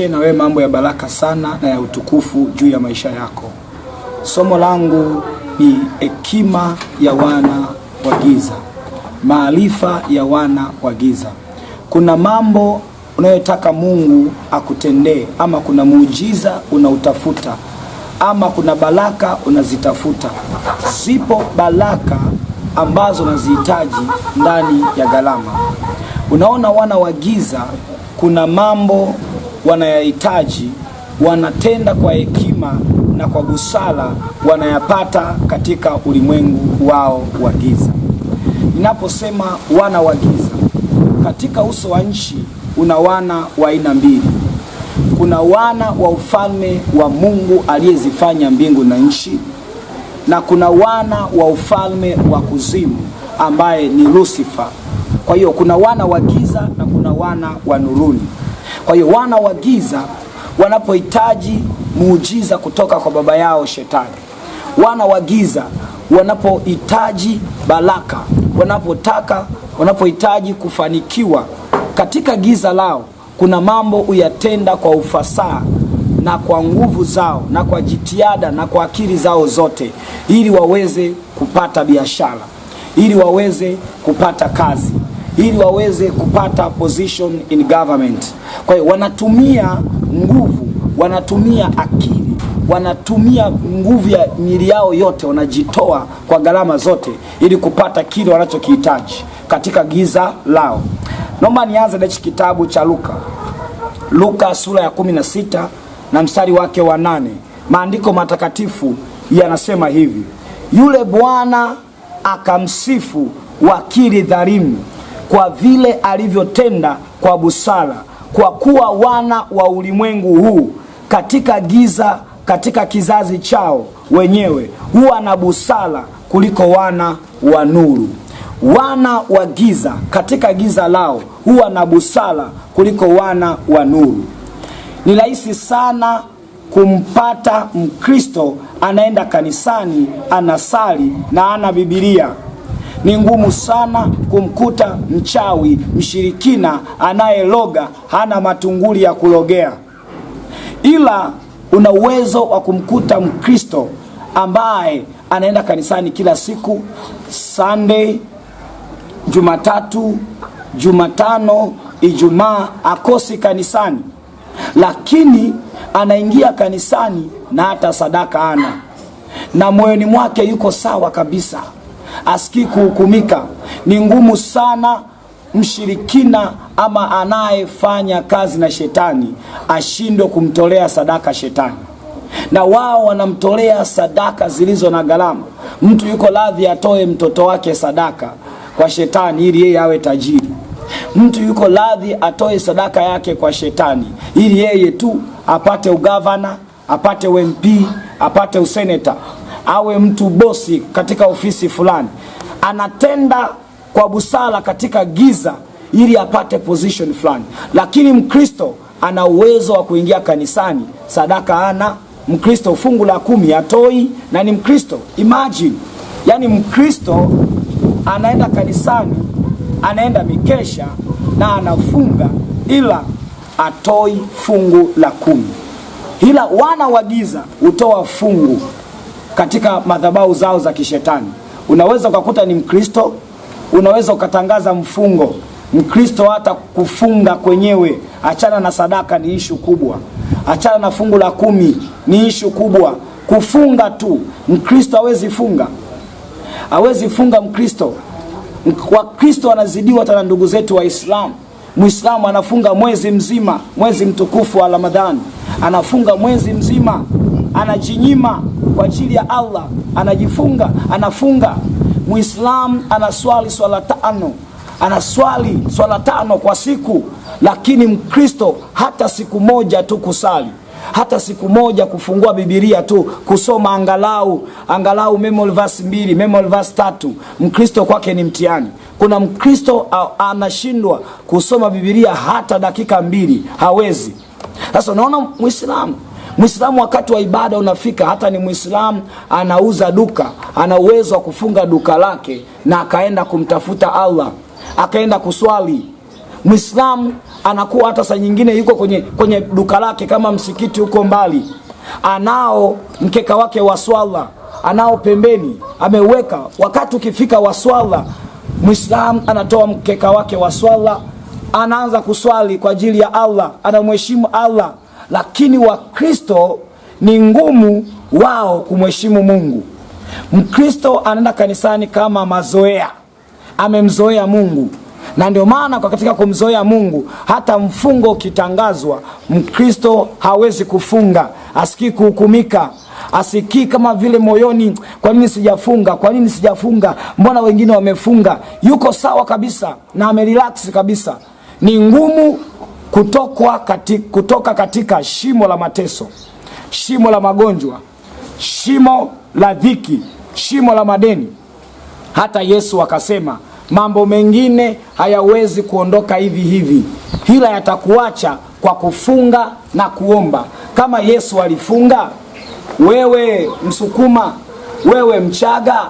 ujiepushe na wewe mambo ya baraka sana na ya utukufu juu ya maisha yako. Somo langu ni hekima ya wana wa giza, maarifa ya wana wa giza. Kuna mambo unayotaka Mungu akutendee, ama kuna muujiza unautafuta, ama kuna baraka unazitafuta. Zipo baraka ambazo unazihitaji ndani ya gharama. Unaona, wana wa giza kuna mambo wanayahitaji wanatenda kwa hekima na kwa busara wanayapata katika ulimwengu wao wa giza. Ninaposema wana wa giza, katika uso wa nchi una wana wa aina mbili. Kuna wana wa ufalme wa Mungu aliyezifanya mbingu na nchi, na kuna wana wa ufalme wa kuzimu ambaye ni Lucifer. Kwa hiyo kuna wana wa giza na kuna wana wa nuruni. Kwa hiyo wana wa giza wanapohitaji muujiza kutoka kwa baba yao Shetani, wana wa giza wanapohitaji baraka, wanapotaka, wanapohitaji kufanikiwa katika giza lao, kuna mambo huyatenda kwa ufasaha na kwa nguvu zao na kwa jitihada na kwa akili zao zote, ili waweze kupata biashara, ili waweze kupata kazi ili waweze kupata position in government. Kwa hiyo wanatumia nguvu, wanatumia akili, wanatumia nguvu ya miili yao yote, wanajitoa kwa gharama zote ili kupata kile wanachokihitaji katika giza lao. Naomba nianze na hichi kitabu cha Luka, Luka sura ya 16 na mstari wake wa nane. Maandiko matakatifu yanasema hivi: yule bwana akamsifu wakili dhalimu kwa vile alivyotenda kwa busara, kwa kuwa wana wa ulimwengu huu katika giza, katika kizazi chao wenyewe huwa na busara kuliko wana wa nuru. Wana wa giza katika giza lao huwa na busara kuliko wana wa nuru. Ni rahisi sana kumpata Mkristo anaenda kanisani, anasali na ana Biblia. Ni ngumu sana kumkuta mchawi mshirikina anayeloga hana matunguli ya kulogea, ila una uwezo wa kumkuta Mkristo ambaye anaenda kanisani kila siku Sunday, Jumatatu, Jumatano, Ijumaa, akosi kanisani, lakini anaingia kanisani na hata sadaka ana na moyoni mwake yuko sawa kabisa asikii kuhukumika. Ni ngumu sana mshirikina ama anayefanya kazi na shetani ashindwe kumtolea sadaka shetani, na wao wanamtolea sadaka zilizo na gharama. Mtu yuko radhi atoe mtoto wake sadaka kwa shetani ili yeye awe tajiri. Mtu yuko radhi atoe sadaka yake kwa shetani ili yeye tu apate ugavana, apate UMP, apate useneta awe mtu bosi katika ofisi fulani, anatenda kwa busara katika giza ili apate position fulani, lakini Mkristo ana uwezo wa kuingia kanisani, sadaka ana Mkristo fungu la kumi atoi na ni Mkristo. Imagine, yani Mkristo anaenda kanisani, anaenda mikesha na anafunga, ila atoi fungu la kumi, ila wana wa giza hutoa fungu katika madhabahu zao za kishetani. Unaweza ukakuta ni Mkristo, unaweza ukatangaza mfungo Mkristo, hata kufunga kwenyewe, achana na sadaka, ni ishu kubwa. Achana na fungu la kumi, ni ishu kubwa. Kufunga tu Mkristo hawezi funga, hawezi funga Mkristo. Wakristo wanazidiwa hata na ndugu zetu Waislamu. Muislamu anafunga mwezi mzima, mwezi mtukufu wa Ramadhani, anafunga mwezi mzima anajinyima kwa ajili ya Allah, anajifunga, anafunga. Muislamu anaswali swala tano, anaswali swala tano kwa siku, lakini Mkristo hata siku moja tu kusali hata siku moja kufungua bibilia tu kusoma angalau angalau memory verse mbili, memory verse tatu, Mkristo kwake ni mtihani. Kuna Mkristo anashindwa kusoma bibilia hata dakika mbili, hawezi. Sasa unaona Muislamu Mwislamu wakati wa ibada unafika, hata ni mwislamu anauza duka, ana uwezo wa kufunga duka lake na akaenda kumtafuta Allah, akaenda kuswali. Mwislamu anakuwa hata saa nyingine yuko kwenye, kwenye duka lake, kama msikiti huko mbali, anao mkeka wake wa swala, anao pembeni ameweka. Wakati ukifika wa swala, mwislamu anatoa mkeka wake wa swala, anaanza kuswali kwa ajili ya Allah, anamheshimu Allah lakini Wakristo ni ngumu wao kumheshimu Mungu. Mkristo anaenda kanisani kama mazoea, amemzoea Mungu na ndio maana kwa katika kumzoea Mungu, hata mfungo ukitangazwa, Mkristo hawezi kufunga, asikii kuhukumika, asikii kama vile moyoni, kwa nini sijafunga? Kwa nini sijafunga? Mbona wengine wamefunga? Yuko sawa kabisa na amerelax kabisa. Ni ngumu kutoka katika, kutoka katika shimo la mateso, shimo la magonjwa, shimo la dhiki, shimo la madeni. Hata Yesu akasema mambo mengine hayawezi kuondoka hivi hivi, hila yatakuacha kwa kufunga na kuomba. Kama Yesu alifunga, wewe Msukuma, wewe Mchaga,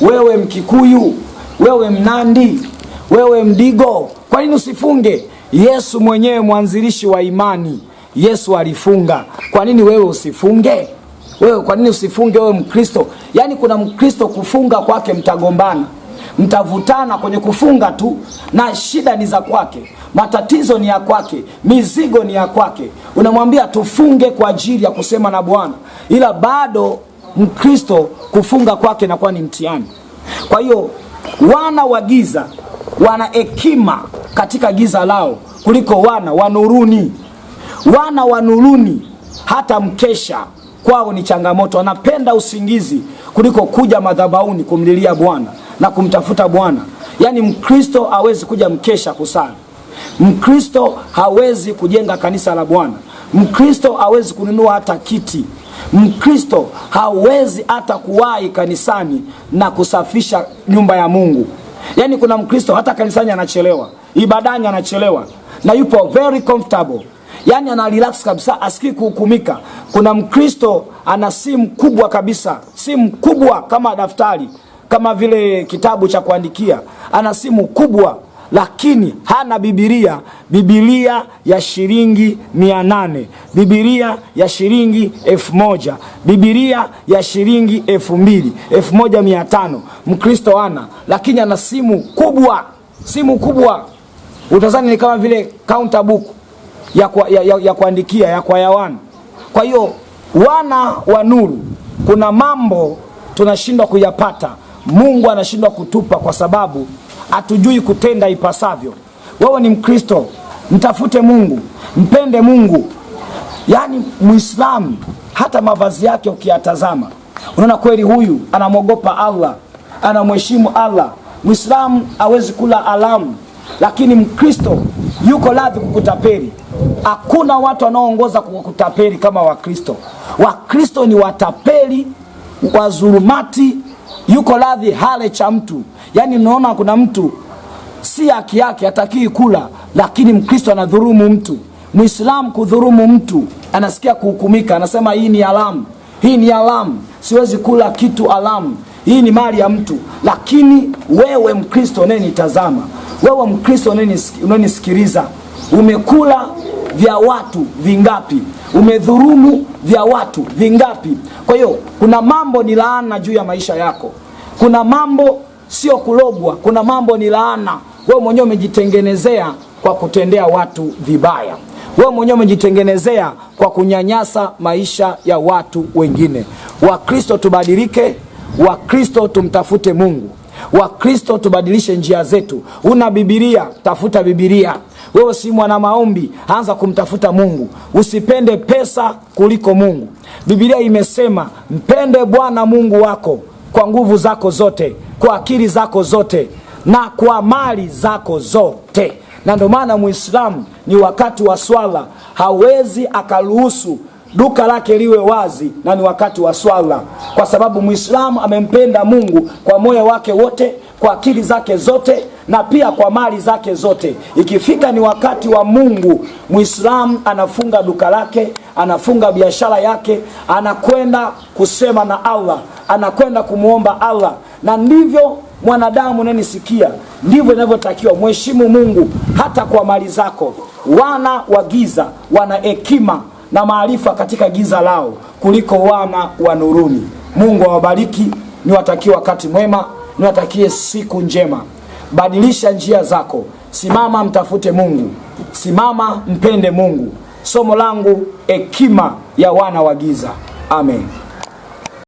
wewe Mkikuyu, wewe Mnandi, wewe Mdigo, kwa nini usifunge? Yesu mwenyewe mwanzilishi wa imani, Yesu alifunga. Kwa nini wewe usifunge? Wewe kwa nini usifunge wewe Mkristo? Yaani kuna Mkristo kufunga kwake mtagombana, mtavutana kwenye kufunga tu, na shida ni za kwake, matatizo ni ya kwake, mizigo ni ya kwake. Unamwambia tufunge kwa ajili ya kusema na Bwana, ila bado Mkristo kufunga kwake kwa ni mtihani. Kwa hiyo wana wa giza wana hekima katika giza lao kuliko wana wa nuruni. Wana wa nuruni hata mkesha kwao ni changamoto, wanapenda usingizi kuliko kuja madhabauni kumlilia Bwana na kumtafuta Bwana. Yaani Mkristo hawezi kuja mkesha kusali. Mkristo hawezi kujenga kanisa la Bwana. Mkristo hawezi kununua hata kiti. Mkristo hawezi hata kuwahi kanisani na kusafisha nyumba ya Mungu. Yaani kuna Mkristo hata kanisani anachelewa, ibadani anachelewa na yupo very comfortable. Yaani ana relax kabisa, asikii kuhukumika. Kuna Mkristo ana simu kubwa kabisa, simu kubwa kama daftari, kama vile kitabu cha kuandikia, ana simu kubwa lakini hana bibilia, bibilia ya shilingi mia nane, bibilia ya shilingi elfu moja, bibilia ya shilingi elfu mbili, elfu moja mia tano. Mkristo ana lakini ana simu kubwa, simu kubwa utazani ni kama vile counter book ya, kwa, ya, ya, ya kuandikia ya kwayawana. Kwa hiyo wana wa nuru, kuna mambo tunashindwa kuyapata, Mungu anashindwa kutupa kwa sababu hatujui kutenda ipasavyo. Wewe ni Mkristo, mtafute Mungu, mpende Mungu. Yaani Muislamu hata mavazi yake ukiyatazama, unaona kweli huyu anamwogopa Allah, anamheshimu Allah. Muislamu hawezi kula alamu, lakini Mkristo yuko radhi kukutapeli. Hakuna watu wanaoongoza kukutapeli kama Wakristo. Wakristo ni watapeli, wazulumati yuko radhi hale cha mtu. Yaani mnaona kuna mtu si haki yake, atakii kula, lakini Mkristo anadhurumu mtu, Muislamu kudhurumu mtu anasikia kuhukumika, anasema hii ni alamu, hii ni alamu, siwezi kula kitu alamu, hii ni mali ya mtu. Lakini wewe Mkristo unayenitazama, wewe Mkristo unayenisikiliza, umekula vya watu vingapi, umedhurumu vya watu vingapi. Kwa hiyo kuna mambo ni laana juu ya maisha yako, kuna mambo sio kulogwa, kuna mambo ni laana wewe mwenyewe umejitengenezea kwa kutendea watu vibaya wewe mwenyewe umejitengenezea kwa kunyanyasa maisha ya watu wengine. Wakristo tubadilike, Wakristo tumtafute Mungu. Wakristo tubadilishe njia zetu. Una Bibilia, tafuta Bibilia. Wewe si mwana maombi, anza kumtafuta Mungu. Usipende pesa kuliko Mungu. Bibilia imesema mpende Bwana Mungu wako kwa nguvu zako zote, kwa akili zako zote na kwa mali zako zote. Na ndio maana Muislamu ni wakati wa swala hawezi akaruhusu duka lake liwe wazi na ni wakati wa swala, kwa sababu Muislamu amempenda Mungu kwa moyo wake wote, kwa akili zake zote, na pia kwa mali zake zote. Ikifika ni wakati wa Mungu, Muislamu anafunga duka lake, anafunga biashara yake, anakwenda kusema na Allah, anakwenda kumwomba Allah, na ndivyo mwanadamu unanisikia, ndivyo inavyotakiwa. Mheshimu Mungu hata kwa mali zako. Wana wa giza wana hekima na maarifa katika giza lao kuliko wana wa nuruni. Mungu awabariki, niwatakie wakati mwema, niwatakie siku njema. Badilisha njia zako, simama mtafute Mungu, simama mpende Mungu. Somo langu hekima ya wana wa giza. Amen.